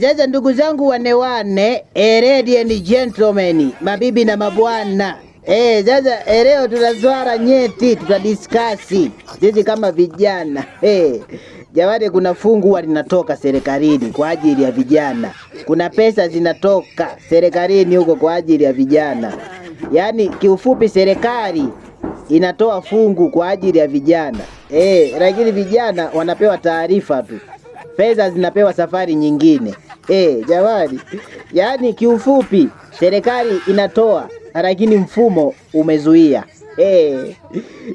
Sasa e, ndugu zangu wanewane e, ready and gentlemen, mabibi na mabwana sasa e, e, leo tutazwara nyeti, tutadiskasi sisi kama vijana e. Jamani, kuna fungu huwa linatoka serikalini kwa ajili ya vijana, kuna pesa zinatoka serikalini huko kwa ajili ya vijana. Yaani kiufupi serikali inatoa fungu kwa ajili ya vijana e, lakini vijana wanapewa taarifa tu pesa zinapewa safari nyingine. E, jamani, yaani kiufupi serikali inatoa lakini mfumo umezuia. E,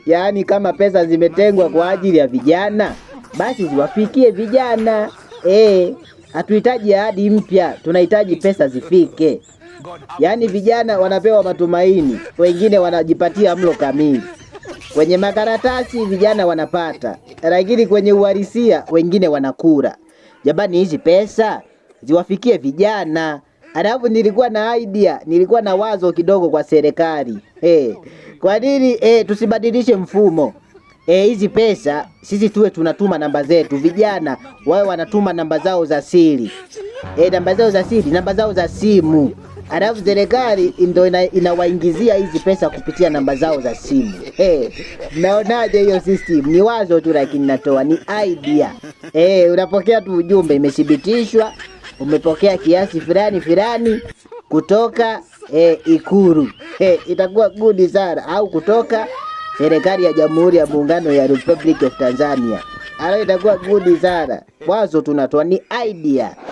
yaani kama pesa zimetengwa kwa ajili ya vijana basi ziwafikie vijana. E, hatuhitaji ahadi mpya, tunahitaji pesa zifike. Yaani vijana wanapewa matumaini, wengine wanajipatia mlo kamili. Kwenye makaratasi vijana wanapata lakini kwenye uhalisia wengine wanakura. Jamani, hizi pesa ziwafikie vijana. Alafu nilikuwa na idea, nilikuwa na wazo kidogo kwa serikali hey. Kwa nini hey, tusibadilishe mfumo hizi hey, pesa sisi tuwe tunatuma namba zetu, vijana wawe wanatuma namba zao za siri hey, namba zao za siri, namba zao za simu alafu serikali ndio inawaingizia ina hizi pesa kupitia namba zao za simu. Hey, eh, naonaje hiyo system? Ni wazo tu, lakini natoa ni idea. Hey, eh, unapokea tu ujumbe, imethibitishwa umepokea kiasi fulani fulani kutoka hey, eh, Ikuru. Hey, itakuwa gudi sana, au kutoka serikali ya Jamhuri ya Muungano ya Republic of Tanzania. Alo, itakuwa gudi sana. Wazo tunatoa ni idea.